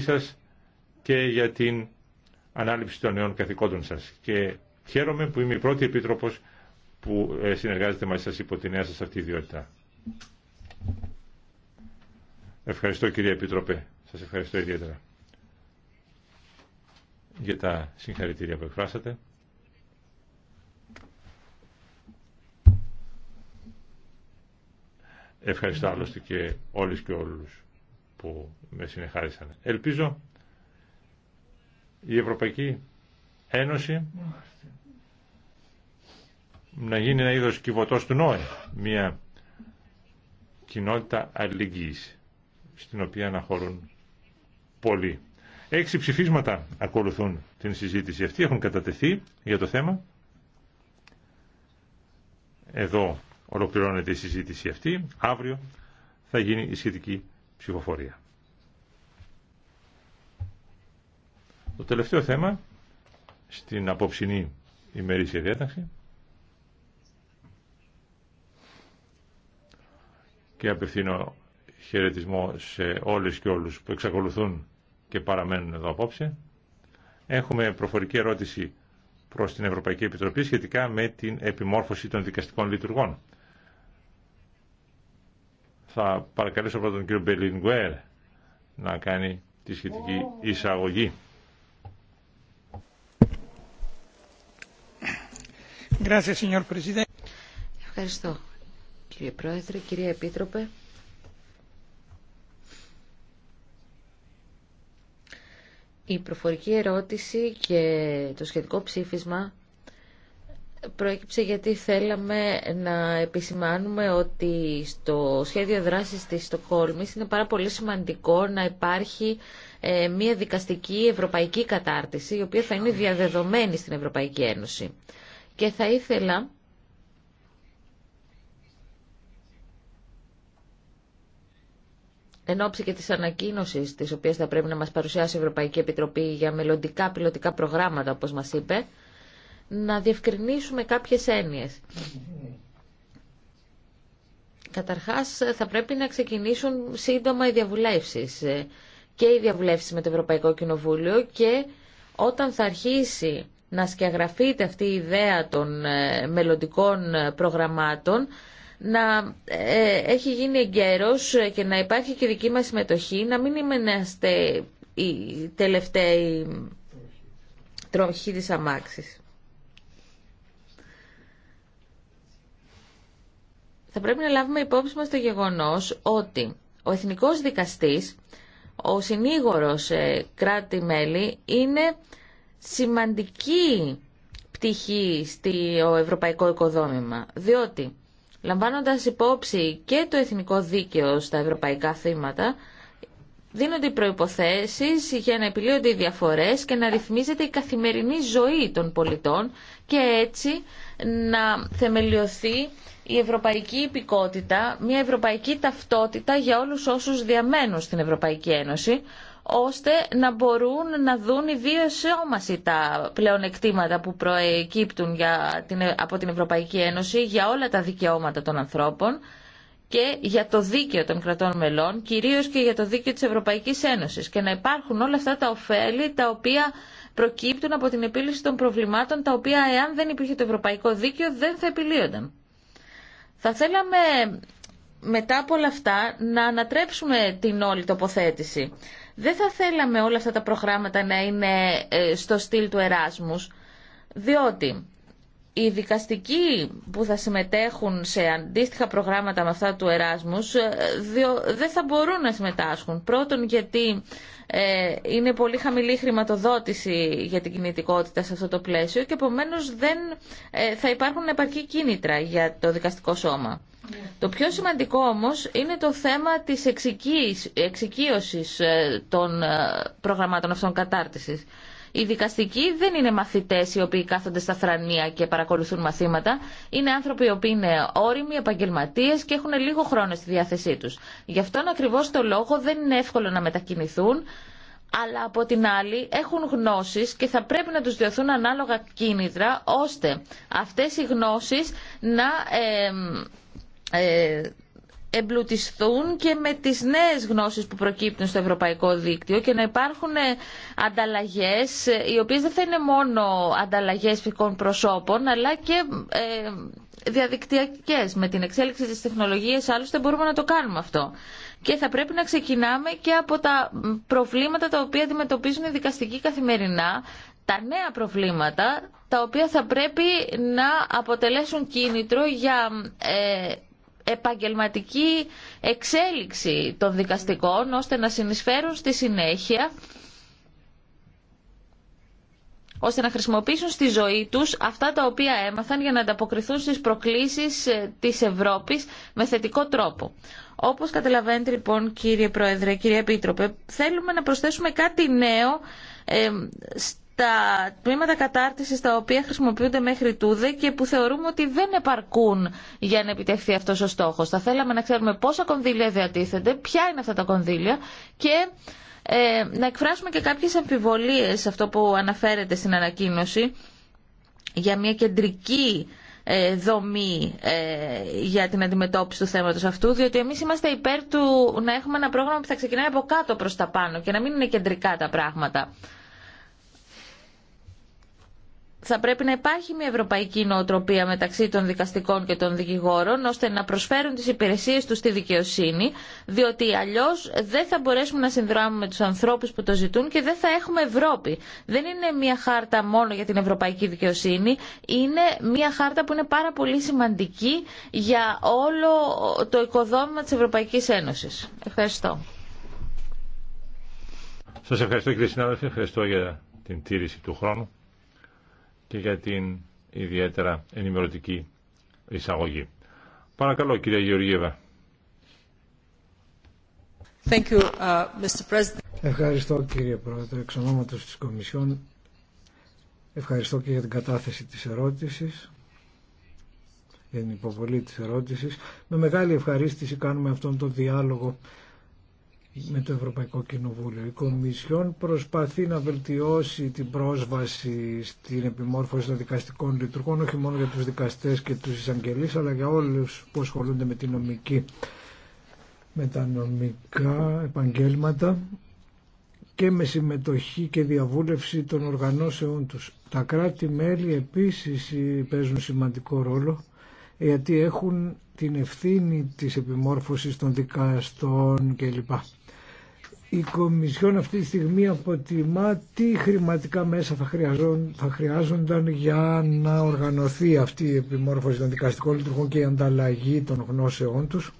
σας και για την ανάληψη των νέων καθηκόντων σας. Και χαίρομαι που είμαι η πρώτη επίτροπος που ε, συνεργάζεται μαζί σας υπό τη νέα σας αυτή ιδιότητα. Ευχαριστώ κύριε Επίτροπε. Σας ευχαριστώ ιδιαίτερα για τα συγχαρητήρια που εκφράσατε. Ευχαριστώ άλλωστε και όλες και όλους που με συνεχάρισαν. Ελπίζω η Ευρωπαϊκή Ένωση να γίνει ένα είδος κυβωτός του ΝΟΕ, μια κοινότητα αλληλεγγύης, στην οποία αναχωρούν πολλοί. Έξι ψηφίσματα ακολουθούν την συζήτηση αυτή, έχουν κατατεθεί για το θέμα. Εδώ ολοκληρώνεται η συζήτηση αυτή. Αύριο θα γίνει η σχετική ψηφοφορία. Το τελευταίο θέμα στην απόψινή ημερήσια διάταξη και απευθύνω χαιρετισμό σε όλες και όλους που εξακολουθούν και παραμένουν εδώ απόψε. Έχουμε προφορική ερώτηση προς την Ευρωπαϊκή Επιτροπή σχετικά με την επιμόρφωση των δικαστικών λειτουργών. Θα παρακαλέσω πρώτα τον κύριο Μπελινγκουέρ να κάνει τη σχετική εισαγωγή. Ευχαριστώ κύριε Πρόεδρε, κύριε Επίτροπε. Η προφορική ερώτηση και το σχετικό ψήφισμα προέκυψε γιατί θέλαμε να επισημάνουμε ότι στο σχέδιο δράσης της Στοκχόλμης είναι πάρα πολύ σημαντικό να υπάρχει ε, μια δικαστική ευρωπαϊκή κατάρτιση η οποία θα είναι διαδεδομένη στην Ευρωπαϊκή Ένωση. Και θα ήθελα εν ώψη και τη ανακοίνωση τη οποία θα πρέπει να μα παρουσιάσει η Ευρωπαϊκή Επιτροπή για μελλοντικά πιλωτικά προγράμματα, όπω μα είπε, να διευκρινίσουμε κάποιες έννοιες. Καταρχάς, θα πρέπει να ξεκινήσουν σύντομα οι διαβουλεύσεις ε, και οι διαβουλεύσεις με το Ευρωπαϊκό Κοινοβούλιο και όταν θα αρχίσει να σκιαγραφείται αυτή η ιδέα των ε, μελλοντικών ε, προγραμμάτων, να έχει γίνει εγκαίρος και να υπάρχει και δική μας συμμετοχή, να μην είμαστε οι τελευταίοι τροχοί της αμάξης. θα πρέπει να λάβουμε υπόψη μας το γεγονός ότι ο εθνικός δικαστής, ο συνήγορος ε, κράτη-μέλη είναι σημαντική πτυχή στο ευρωπαϊκό οικοδόμημα, διότι λαμβάνοντας υπόψη και το εθνικό δίκαιο στα ευρωπαϊκά θύματα, δίνονται οι προϋποθέσεις για να επιλύονται οι διαφορές και να ρυθμίζεται η καθημερινή ζωή των πολιτών και έτσι να θεμελιωθεί η ευρωπαϊκή υπηκότητα, μια ευρωπαϊκή ταυτότητα για όλους όσους διαμένουν στην Ευρωπαϊκή Ένωση, ώστε να μπορούν να δουν οι δύο όμαση τα πλεονεκτήματα που προεκύπτουν για την, από την Ευρωπαϊκή Ένωση για όλα τα δικαιώματα των ανθρώπων και για το δίκαιο των κρατών μελών, κυρίως και για το δίκαιο της Ευρωπαϊκής Ένωσης και να υπάρχουν όλα αυτά τα ωφέλη τα οποία προκύπτουν από την επίλυση των προβλημάτων τα οποία εάν δεν υπήρχε το ευρωπαϊκό δίκαιο δεν θα επιλύονταν. Θα θέλαμε μετά από όλα αυτά να ανατρέψουμε την όλη τοποθέτηση. Δεν θα θέλαμε όλα αυτά τα προγράμματα να είναι ε, στο στυλ του Εράσμους, διότι οι δικαστικοί που θα συμμετέχουν σε αντίστοιχα προγράμματα με αυτά του Εράσμους ε, δεν θα μπορούν να συμμετάσχουν. Πρώτον γιατί ε, είναι πολύ χαμηλή χρηματοδότηση για την κινητικότητα σε αυτό το πλαίσιο και επομένως δεν ε, θα υπάρχουν επαρκή κίνητρα για το δικαστικό σώμα. Το πιο σημαντικό όμως είναι το θέμα της εξοικείωσης των προγραμμάτων αυτών κατάρτισης. Οι δικαστικοί δεν είναι μαθητέ οι οποίοι κάθονται στα φρανία και παρακολουθούν μαθήματα. Είναι άνθρωποι οι οποίοι είναι όριμοι, επαγγελματίε και έχουν λίγο χρόνο στη διάθεσή του. Γι' αυτόν ακριβώ το λόγο δεν είναι εύκολο να μετακινηθούν αλλά από την άλλη έχουν γνώσεις και θα πρέπει να τους διωθούν ανάλογα κίνητρα ώστε αυτές οι γνώσεις να ε, ε εμπλουτιστούν και με τις νέες γνώσεις που προκύπτουν στο Ευρωπαϊκό Δίκτυο και να υπάρχουν ανταλλαγές οι οποίες δεν θα είναι μόνο ανταλλαγές φυκών προσώπων αλλά και ε, διαδικτυακές. Με την εξέλιξη της τεχνολογίας άλλωστε μπορούμε να το κάνουμε αυτό. Και θα πρέπει να ξεκινάμε και από τα προβλήματα τα οποία αντιμετωπίζουν οι δικαστικοί καθημερινά, τα νέα προβλήματα τα οποία θα πρέπει να αποτελέσουν κίνητρο για ε, επαγγελματική εξέλιξη των δικαστικών ώστε να συνεισφέρουν στη συνέχεια ώστε να χρησιμοποιήσουν στη ζωή τους αυτά τα οποία έμαθαν για να ανταποκριθούν στις προκλήσεις ε, της Ευρώπης με θετικό τρόπο. Όπως καταλαβαίνετε λοιπόν κύριε Πρόεδρε, κύριε Επίτροπε, θέλουμε να προσθέσουμε κάτι νέο ε, τα τμήματα κατάρτιση τα οποία χρησιμοποιούνται μέχρι τούδε και που θεωρούμε ότι δεν επαρκούν για να επιτευχθεί αυτό ο στόχο. Θα θέλαμε να ξέρουμε πόσα κονδύλια διατίθενται, ποια είναι αυτά τα κονδύλια και ε, να εκφράσουμε και κάποιες σε αυτό που αναφέρεται στην ανακοίνωση για μια κεντρική ε, δομή ε, για την αντιμετώπιση του θέματος αυτού, διότι εμείς είμαστε υπέρ του να έχουμε ένα πρόγραμμα που θα ξεκινάει από κάτω προς τα πάνω και να μην είναι κεντρικά τα πράγματα θα πρέπει να υπάρχει μια ευρωπαϊκή νοοτροπία μεταξύ των δικαστικών και των δικηγόρων ώστε να προσφέρουν τις υπηρεσίες τους στη δικαιοσύνη διότι αλλιώς δεν θα μπορέσουμε να συνδράμουμε τους ανθρώπους που το ζητούν και δεν θα έχουμε Ευρώπη. Δεν είναι μια χάρτα μόνο για την ευρωπαϊκή δικαιοσύνη, είναι μια χάρτα που είναι πάρα πολύ σημαντική για όλο το οικοδόμημα της Ευρωπαϊκής Ένωσης. Ευχαριστώ. Σας ευχαριστώ κύριε συνάδελφε, ευχαριστώ για την τήρηση του χρόνου και για την ιδιαίτερα ενημερωτική εισαγωγή. Παρακαλώ κυρία Γεωργίευα. Thank you, uh, Mr. President. Ευχαριστώ κύριε Πρόεδρε, εξ ονόματος της Κομισιόν. Ευχαριστώ και για την κατάθεση της ερώτησης, για την υποβολή της ερώτησης. Με μεγάλη ευχαρίστηση κάνουμε αυτόν τον διάλογο με το Ευρωπαϊκό Κοινοβούλιο. Η Κομισιόν προσπαθεί να βελτιώσει την πρόσβαση στην επιμόρφωση των δικαστικών λειτουργών, όχι μόνο για τους δικαστές και τους εισαγγελείς, αλλά για όλους που ασχολούνται με, την νομική, με τα νομικά επαγγέλματα και με συμμετοχή και διαβούλευση των οργανώσεών τους. Τα κράτη-μέλη επίσης παίζουν σημαντικό ρόλο γιατί έχουν την ευθύνη της επιμόρφωσης των δικαστών κλπ η Κομισιόν αυτή τη στιγμή αποτιμά τι χρηματικά μέσα θα, χρειαζόν, θα χρειάζονταν για να οργανωθεί αυτή η επιμόρφωση των δικαστικών λειτουργών και η ανταλλαγή των γνώσεών τους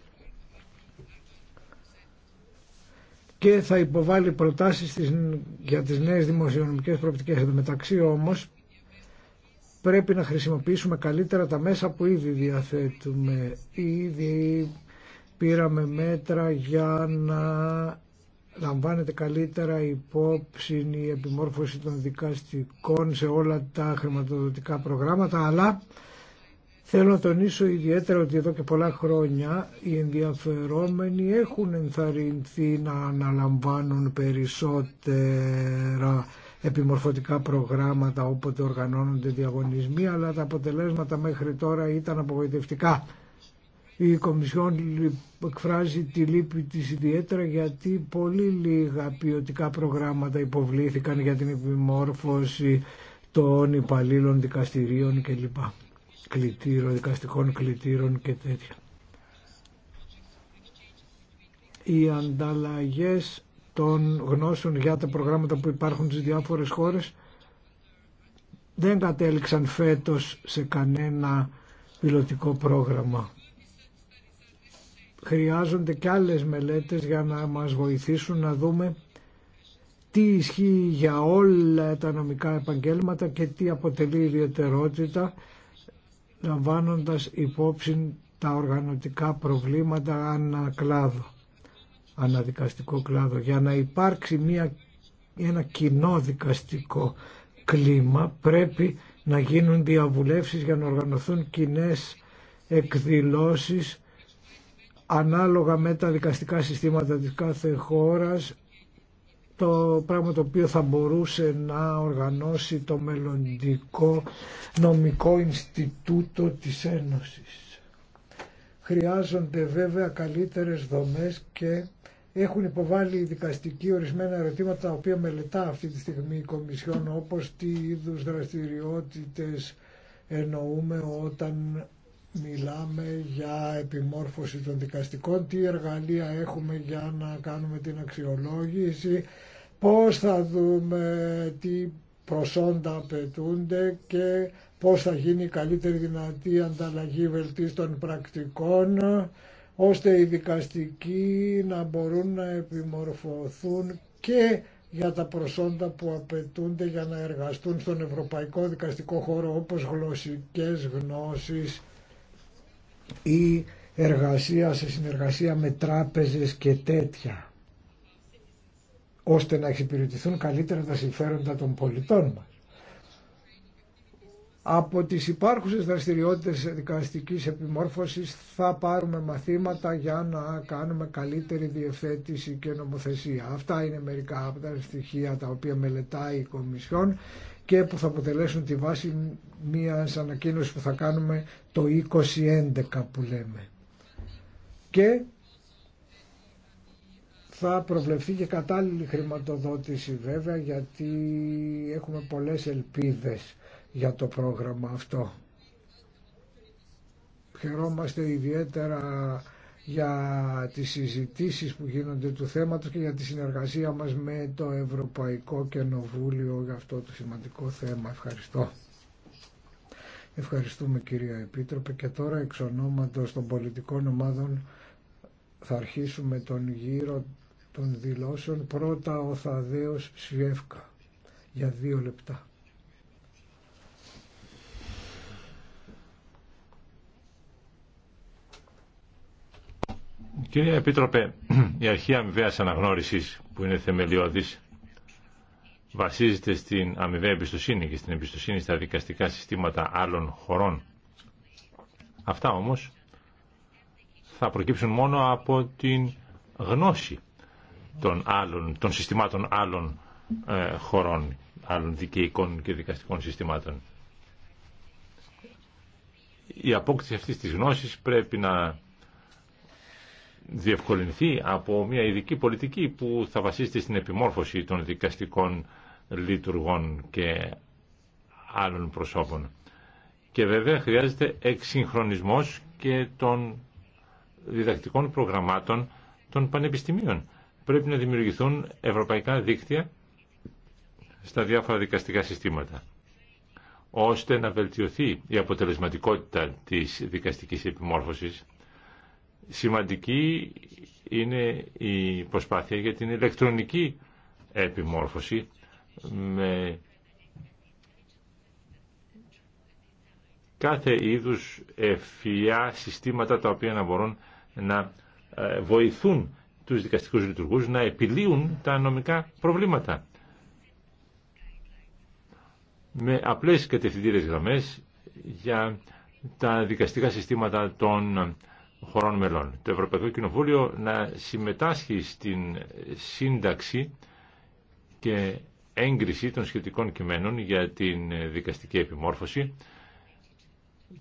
και θα υποβάλει προτάσεις για τις νέες δημοσιονομικές προοπτικές. Εν μεταξύ όμως πρέπει να χρησιμοποιήσουμε καλύτερα τα μέσα που ήδη διαθέτουμε. Ήδη πήραμε μέτρα για να λαμβάνεται καλύτερα υπόψη η επιμόρφωση των δικαστικών σε όλα τα χρηματοδοτικά προγράμματα, αλλά θέλω να τονίσω ιδιαίτερα ότι εδώ και πολλά χρόνια οι ενδιαφερόμενοι έχουν ενθαρρυνθεί να αναλαμβάνουν περισσότερα επιμορφωτικά προγράμματα όποτε οργανώνονται διαγωνισμοί, αλλά τα αποτελέσματα μέχρι τώρα ήταν απογοητευτικά η Κομισιόν εκφράζει τη λύπη της ιδιαίτερα γιατί πολύ λίγα ποιοτικά προγράμματα υποβλήθηκαν για την επιμόρφωση των υπαλλήλων δικαστηρίων κλπ. Κλητήρων, δικαστικών κλητήρων και τέτοια. Οι ανταλλαγές των γνώσεων για τα προγράμματα που υπάρχουν στις διάφορες χώρες δεν κατέληξαν φέτος σε κανένα πιλωτικό πρόγραμμα χρειάζονται και άλλες μελέτες για να μας βοηθήσουν να δούμε τι ισχύει για όλα τα νομικά επαγγέλματα και τι αποτελεί ιδιαιτερότητα λαμβάνοντας υπόψη τα οργανωτικά προβλήματα κλάδο αναδικαστικό κλάδο. Για να υπάρξει μια, ένα κοινό δικαστικό κλίμα πρέπει να γίνουν διαβουλεύσεις για να οργανωθούν κοινέ εκδηλώσεις ανάλογα με τα δικαστικά συστήματα της κάθε χώρας το πράγμα το οποίο θα μπορούσε να οργανώσει το μελλοντικό νομικό Ινστιτούτο της Ένωσης. Χρειάζονται βέβαια καλύτερες δομές και έχουν υποβάλει οι δικαστικοί ορισμένα ερωτήματα τα οποία μελετά αυτή τη στιγμή η Κομισιόν όπως τι είδους δραστηριότητες εννοούμε όταν μιλάμε για επιμόρφωση των δικαστικών, τι εργαλεία έχουμε για να κάνουμε την αξιολόγηση, πώς θα δούμε τι προσόντα απαιτούνται και πώς θα γίνει η καλύτερη δυνατή ανταλλαγή βελτίστων πρακτικών ώστε οι δικαστικοί να μπορούν να επιμορφωθούν και για τα προσόντα που απαιτούνται για να εργαστούν στον ευρωπαϊκό δικαστικό χώρο όπως γλωσσικές γνώσεις ή εργασία σε συνεργασία με τράπεζες και τέτοια ώστε να εξυπηρετηθούν καλύτερα τα συμφέροντα των πολιτών μας. Από τις υπάρχουσες δραστηριότητες δικαστικής επιμόρφωσης θα πάρουμε μαθήματα για να κάνουμε καλύτερη διευθέτηση και νομοθεσία. Αυτά είναι μερικά από τα στοιχεία τα οποία μελετάει η Κομισιόν και που θα αποτελέσουν τη βάση μία ανακοίνωση που θα κάνουμε το 2011 που λέμε. Και θα προβλεφθεί και κατάλληλη χρηματοδότηση βέβαια γιατί έχουμε πολλές ελπίδες για το πρόγραμμα αυτό. Χαιρόμαστε ιδιαίτερα για τις συζητήσεις που γίνονται του θέματος και για τη συνεργασία μας με το Ευρωπαϊκό Κενοβούλιο για αυτό το σημαντικό θέμα. Ευχαριστώ. Ευχαριστούμε κυρία Επίτροπε και τώρα εξ ονόματος των πολιτικών ομάδων θα αρχίσουμε τον γύρο των δηλώσεων. Πρώτα ο Θαδέος Σιέφκα για δύο λεπτά. Κύριε Επίτροπε, η αρχή αμοιβαία αναγνώρισης που είναι θεμελιώδης βασίζεται στην αμοιβαία εμπιστοσύνη και στην εμπιστοσύνη στα δικαστικά συστήματα άλλων χωρών. Αυτά όμως θα προκύψουν μόνο από την γνώση των, άλλων, των συστημάτων άλλων ε, χωρών, άλλων δικαιικών και δικαστικών συστημάτων. Η απόκτηση αυτής της γνώσης πρέπει να διευκολυνθεί από μια ειδική πολιτική που θα βασίζεται στην επιμόρφωση των δικαστικών λειτουργών και άλλων προσώπων. Και βέβαια χρειάζεται εξυγχρονισμός και των διδακτικών προγραμμάτων των πανεπιστημίων. Πρέπει να δημιουργηθούν ευρωπαϊκά δίκτυα στα διάφορα δικαστικά συστήματα ώστε να βελτιωθεί η αποτελεσματικότητα της δικαστικής επιμόρφωσης Σημαντική είναι η προσπάθεια για την ηλεκτρονική επιμόρφωση με κάθε είδους ευφυά συστήματα τα οποία να μπορούν να ε, βοηθούν τους δικαστικούς λειτουργούς να επιλύουν τα νομικά προβλήματα. Με απλές κατευθυντήρες γραμμές για τα δικαστικά συστήματα των χωρών μελών. Το Ευρωπαϊκό Κοινοβούλιο να συμμετάσχει στην σύνταξη και έγκριση των σχετικών κειμένων για την δικαστική επιμόρφωση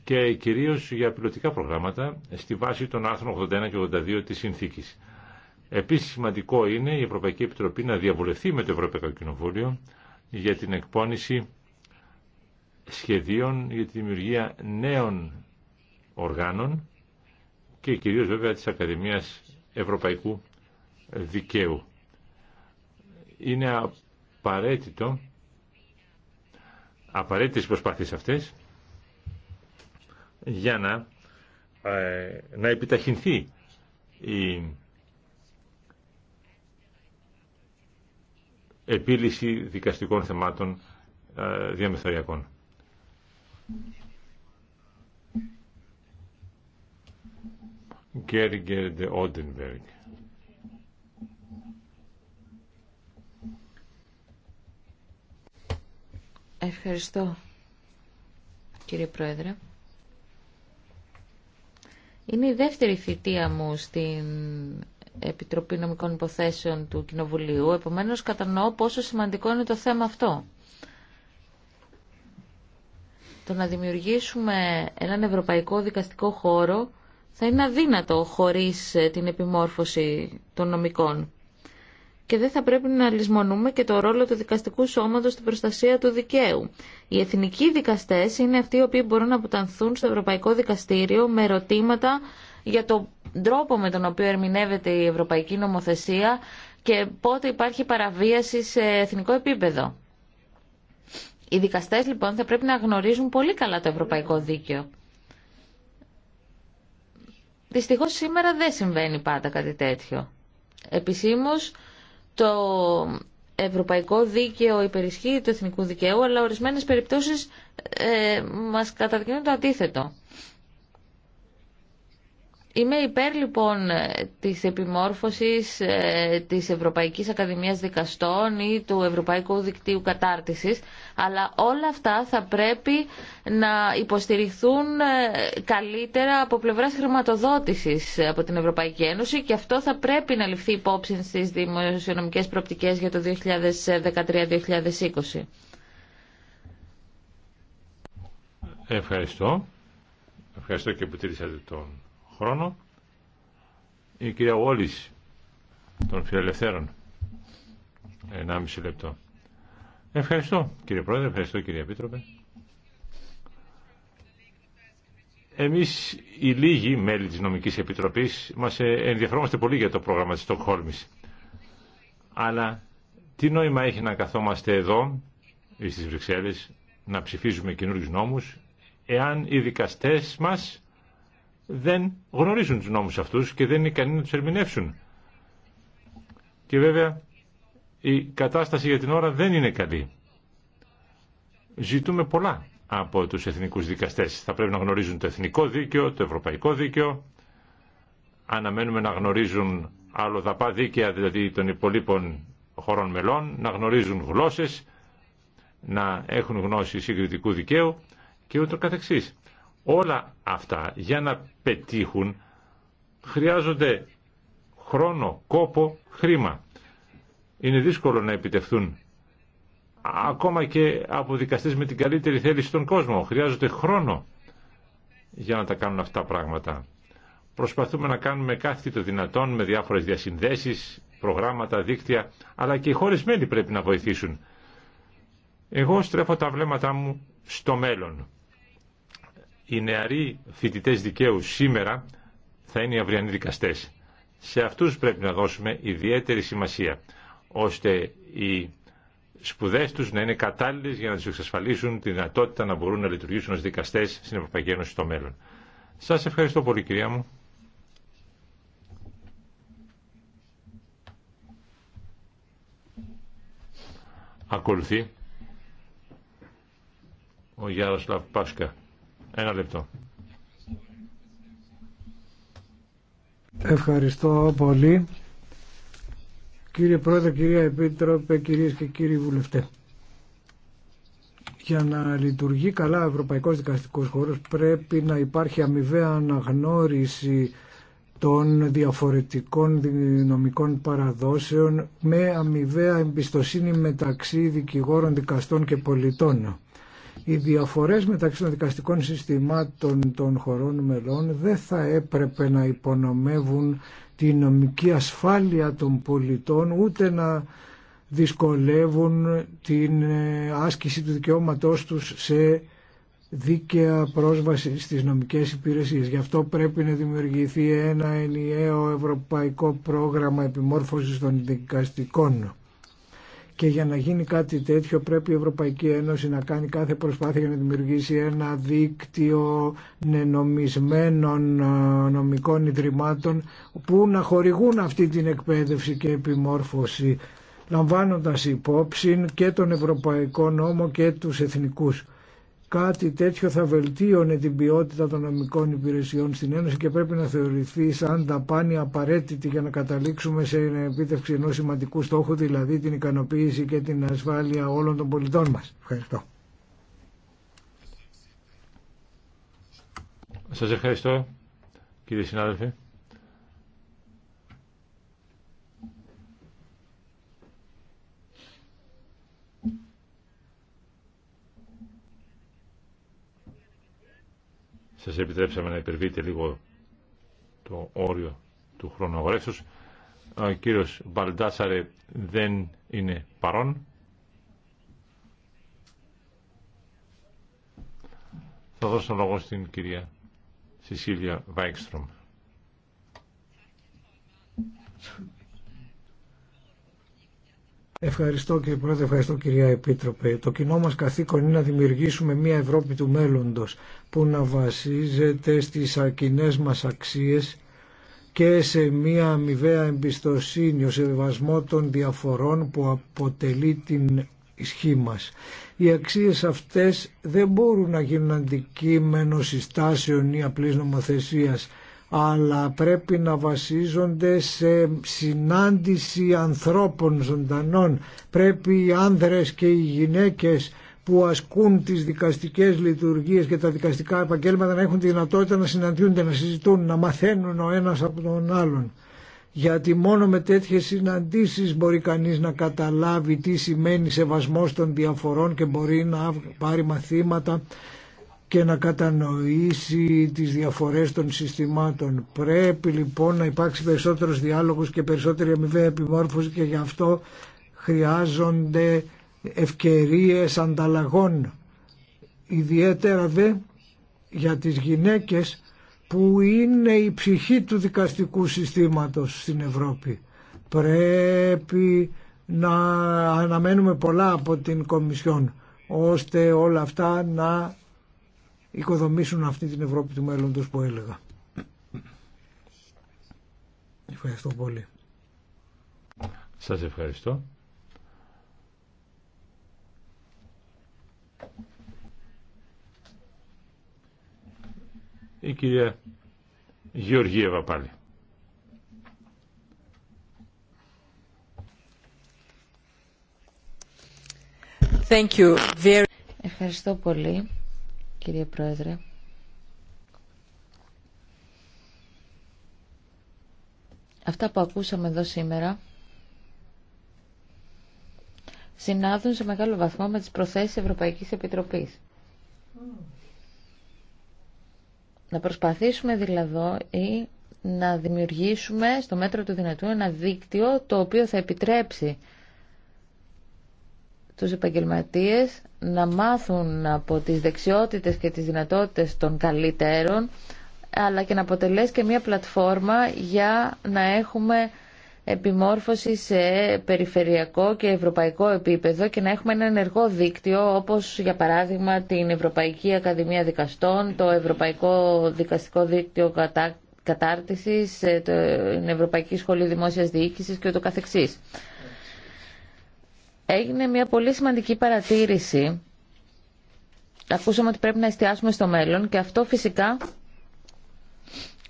και κυρίως για πιλωτικά προγράμματα στη βάση των άρθρων 81 και 82 της Συνθήκης. Επίσης σημαντικό είναι η Ευρωπαϊκή Επιτροπή να διαβουλευτεί με το Ευρωπαϊκό Κοινοβούλιο για την εκπόνηση σχεδίων για τη δημιουργία νέων οργάνων και κυρίως βέβαια της Ακαδημίας Ευρωπαϊκού Δικαίου. Είναι απαραίτητο, απαραίτητες προσπάθειες αυτές για να, ε, να επιταχυνθεί η επίλυση δικαστικών θεμάτων ε, διαμεθοριακών. Ευχαριστώ, κύριε Πρόεδρε. Είναι η δεύτερη θητεία μου στην Επιτροπή Νομικών Υποθέσεων του Κοινοβουλίου, επομένως κατανοώ πόσο σημαντικό είναι το θέμα αυτό. Το να δημιουργήσουμε έναν ευρωπαϊκό δικαστικό χώρο θα είναι αδύνατο χωρίς ε, την επιμόρφωση των νομικών. Και δεν θα πρέπει να λησμονούμε και το ρόλο του δικαστικού σώματος στην προστασία του δικαίου. Οι εθνικοί δικαστές είναι αυτοί οι οποίοι μπορούν να αποτανθούν στο Ευρωπαϊκό Δικαστήριο με ερωτήματα για τον τρόπο με τον οποίο ερμηνεύεται η Ευρωπαϊκή Νομοθεσία και πότε υπάρχει παραβίαση σε εθνικό επίπεδο. Οι δικαστές λοιπόν θα πρέπει να γνωρίζουν πολύ καλά το Ευρωπαϊκό Δίκαιο. Δυστυχώς σήμερα δεν συμβαίνει πάντα κάτι τέτοιο. Επισήμως το ευρωπαϊκό δίκαιο υπερισχύει του εθνικού δικαίου, αλλά ορισμένες περιπτώσεις ε, μας καταδεικνύουν το αντίθετο. Είμαι υπέρ λοιπόν της επιμόρφωσης ε, της Ευρωπαϊκής Ακαδημίας Δικαστών ή του Ευρωπαϊκού Δικτύου Κατάρτισης, αλλά όλα αυτά θα πρέπει να υποστηριχθούν ε, καλύτερα από πλευράς χρηματοδότησης από την Ευρωπαϊκή Ένωση και αυτό θα πρέπει να ληφθεί υπόψη στις δημοσιονομικές προοπτικές για το 2013-2020. Ευχαριστώ. Ευχαριστώ και που τήρησατε τον χρόνο η κυρία Όλης των Φιλελευθέρων 1,5 λεπτό Ευχαριστώ κύριε Πρόεδρε, ευχαριστώ κύριε Επίτροπε Εμείς οι λίγοι μέλη της Νομικής Επιτροπής μας ε, ενδιαφερόμαστε πολύ για το πρόγραμμα της Στοκχόλμης αλλά τι νόημα έχει να καθόμαστε εδώ ή στις Βρυξέλλες να ψηφίζουμε καινούριου νόμους εάν οι δικαστές μας δεν γνωρίζουν τους νόμους αυτούς και δεν είναι ικανοί να τους ερμηνεύσουν. Και βέβαια η κατάσταση για την ώρα δεν είναι καλή. Ζητούμε πολλά από τους εθνικούς δικαστές. Θα πρέπει να γνωρίζουν το εθνικό δίκαιο, το ευρωπαϊκό δίκαιο. Αναμένουμε να γνωρίζουν άλλο δαπά δίκαια, δηλαδή των υπολείπων χωρών μελών, να γνωρίζουν γλώσσες, να έχουν γνώση συγκριτικού δικαίου και ούτω καθεξής. Όλα αυτά για να πετύχουν χρειάζονται χρόνο, κόπο, χρήμα. Είναι δύσκολο να επιτευθούν ακόμα και από δικαστές με την καλύτερη θέληση στον κόσμο. Χρειάζονται χρόνο για να τα κάνουν αυτά πράγματα. Προσπαθούμε να κάνουμε κάθε το δυνατόν με διάφορες διασυνδέσεις, προγράμματα, δίκτυα, αλλά και οι χώρες μέλη πρέπει να βοηθήσουν. Εγώ στρέφω τα βλέμματά μου στο μέλλον. Οι νεαροί φοιτητέ δικαίου σήμερα θα είναι οι αυριανοί δικαστέ. Σε αυτούς πρέπει να δώσουμε ιδιαίτερη σημασία, ώστε οι σπουδέ του να είναι κατάλληλε για να του εξασφαλίσουν τη δυνατότητα να μπορούν να λειτουργήσουν ω δικαστέ στην Ευρωπαϊκή Ένωση στο μέλλον. Σα ευχαριστώ πολύ, κυρία μου. Ακολουθεί ο Γιάννος ένα λεπτό. Ευχαριστώ πολύ. Κύριε Πρόεδρε, κυρία Επίτροπε, κυρίες και κύριοι βουλευτές. Για να λειτουργεί καλά ο Ευρωπαϊκός Δικαστικός Χώρος πρέπει να υπάρχει αμοιβαία αναγνώριση των διαφορετικών νομικών παραδόσεων με αμοιβαία εμπιστοσύνη μεταξύ δικηγόρων, δικαστών και πολιτών. Οι διαφορές μεταξύ των δικαστικών συστημάτων των χωρών μελών δεν θα έπρεπε να υπονομεύουν τη νομική ασφάλεια των πολιτών ούτε να δυσκολεύουν την ε, άσκηση του δικαιώματός τους σε δίκαια πρόσβαση στις νομικές υπηρεσίες. Γι' αυτό πρέπει να δημιουργηθεί ένα ενιαίο ευρωπαϊκό πρόγραμμα επιμόρφωσης των δικαστικών και για να γίνει κάτι τέτοιο πρέπει η Ευρωπαϊκή Ένωση να κάνει κάθε προσπάθεια για να δημιουργήσει ένα δίκτυο νενομισμένων ε, νομικών ιδρυμάτων που να χορηγούν αυτή την εκπαίδευση και επιμόρφωση λαμβάνοντας υπόψη και τον Ευρωπαϊκό Νόμο και τους εθνικούς Κάτι τέτοιο θα βελτίωνε την ποιότητα των νομικών υπηρεσιών στην Ένωση και πρέπει να θεωρηθεί σαν ταπάνη απαραίτητη για να καταλήξουμε σε επίτευξη ενός σημαντικού στόχου, δηλαδή την ικανοποίηση και την ασφάλεια όλων των πολιτών μας. Ευχαριστώ. Σας ευχαριστώ κύριε συνάδελφε. επιτρέψαμε να υπερβείτε λίγο το όριο του χρόνου αγορεύσεως. Ο κύριος Μπαλντάσαρε δεν είναι παρόν. Θα δώσω λόγο στην κυρία Σισίλια Βάικστρομ. Ευχαριστώ κύριε Πρόεδρε, ευχαριστώ κυρία Επίτροπε. Το κοινό μας καθήκον είναι να δημιουργήσουμε μια Ευρώπη του μέλλοντος που να βασίζεται στις κοινέ μας αξίες και σε μια αμοιβαία εμπιστοσύνη, ο σεβασμό των διαφορών που αποτελεί την ισχύ μας. Οι αξίες αυτές δεν μπορούν να γίνουν αντικείμενο συστάσεων ή απλής νομοθεσίας αλλά πρέπει να βασίζονται σε συνάντηση ανθρώπων ζωντανών. Πρέπει οι άνδρες και οι γυναίκες που ασκούν τις δικαστικές λειτουργίες και τα δικαστικά επαγγέλματα να έχουν τη δυνατότητα να συναντιούνται, να συζητούν, να μαθαίνουν ο ένας από τον άλλον. Γιατί μόνο με τέτοιες συναντήσεις μπορεί κανείς να καταλάβει τι σημαίνει σεβασμός των διαφορών και μπορεί να πάρει μαθήματα και να κατανοήσει τις διαφορές των συστημάτων. Πρέπει λοιπόν να υπάρξει περισσότερος διάλογος και περισσότερη αμοιβαία επιμόρφωση και γι' αυτό χρειάζονται ευκαιρίες ανταλλαγών. Ιδιαίτερα δε για τις γυναίκες που είναι η ψυχή του δικαστικού συστήματος στην Ευρώπη. Πρέπει να αναμένουμε πολλά από την Κομισιόν ώστε όλα αυτά να οικοδομήσουν αυτή την Ευρώπη του μέλλοντος που έλεγα. Ευχαριστώ πολύ. Σας ευχαριστώ. Η κυρία Γεωργίευα πάλι. Thank you. Ευχαριστώ πολύ κύριε Πρόεδρε. Αυτά που ακούσαμε εδώ σήμερα συνάδουν σε μεγάλο βαθμό με τις προθέσεις Ευρωπαϊκής Επιτροπής. Να προσπαθήσουμε δηλαδή να δημιουργήσουμε στο μέτρο του δυνατού ένα δίκτυο το οποίο θα επιτρέψει τους επαγγελματίες να μάθουν από τις δεξιότητες και τις δυνατότητες των καλύτερων αλλά και να αποτελέσει και μια πλατφόρμα για να έχουμε επιμόρφωση σε περιφερειακό και ευρωπαϊκό επίπεδο και να έχουμε ένα ενεργό δίκτυο όπως για παράδειγμα την Ευρωπαϊκή Ακαδημία Δικαστών, το Ευρωπαϊκό Δικαστικό Δίκτυο Κατάρτισης, ε, την Ευρωπαϊκή Σχολή Δημόσιας Διοίκησης και ούτω καθεξής. Έγινε μια πολύ σημαντική παρατήρηση. Ακούσαμε ότι πρέπει να εστιάσουμε στο μέλλον και αυτό φυσικά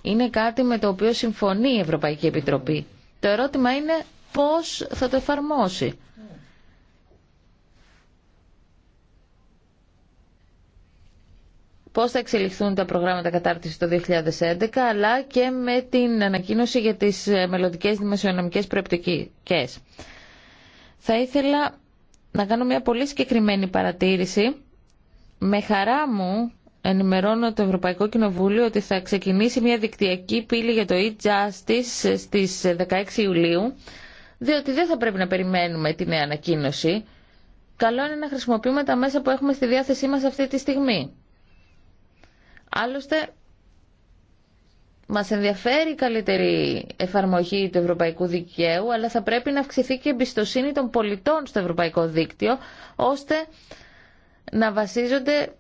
είναι κάτι με το οποίο συμφωνεί η Ευρωπαϊκή Επιτροπή. Το ερώτημα είναι πώς θα το εφαρμόσει. πώς θα εξελιχθούν τα προγράμματα κατάρτισης το 2011, αλλά και με την ανακοίνωση για τις μελλοντικές δημοσιονομικές προεπτικές. Θα ήθελα να κάνω μια πολύ συγκεκριμένη παρατήρηση. Με χαρά μου ενημερώνω το Ευρωπαϊκό Κοινοβούλιο ότι θα ξεκινήσει μια δικτυακή πύλη για το e-Justice στις 16 Ιουλίου, διότι δεν θα πρέπει να περιμένουμε τη νέα ανακοίνωση. Καλό είναι να χρησιμοποιούμε τα μέσα που έχουμε στη διάθεσή μας αυτή τη στιγμή. Άλλωστε, μας ενδιαφέρει η καλύτερη εφαρμογή του ευρωπαϊκού δικαίου, αλλά θα πρέπει να αυξηθεί και η εμπιστοσύνη των πολιτών στο ευρωπαϊκό δίκτυο, ώστε να βασίζονται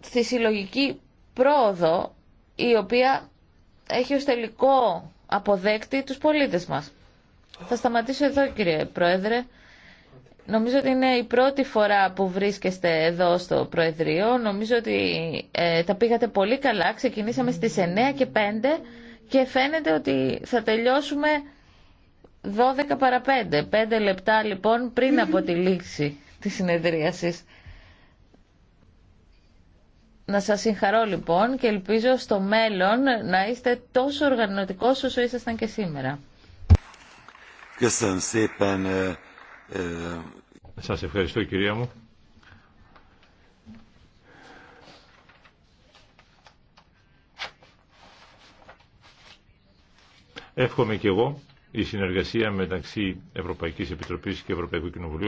στη συλλογική πρόοδο, η οποία έχει ως τελικό αποδέκτη τους πολίτες μας. Θα σταματήσω εδώ κύριε Πρόεδρε. Νομίζω ότι είναι η πρώτη φορά που βρίσκεστε εδώ στο Προεδρείο. Νομίζω ότι ε, τα πήγατε πολύ καλά. Ξεκινήσαμε στις 9 και 5 και φαίνεται ότι θα τελειώσουμε 12 παρα 5. 5 λεπτά λοιπόν πριν από τη λήξη της συνεδρίασης. Να σας συγχαρώ λοιπόν και ελπίζω στο μέλλον να είστε τόσο οργανωτικός όσο ήσασταν και σήμερα. Σας ευχαριστώ κυρία μου. Εύχομαι και εγώ η συνεργασία μεταξύ Ευρωπαϊκής Επιτροπής και Ευρωπαϊκού Κοινοβουλίου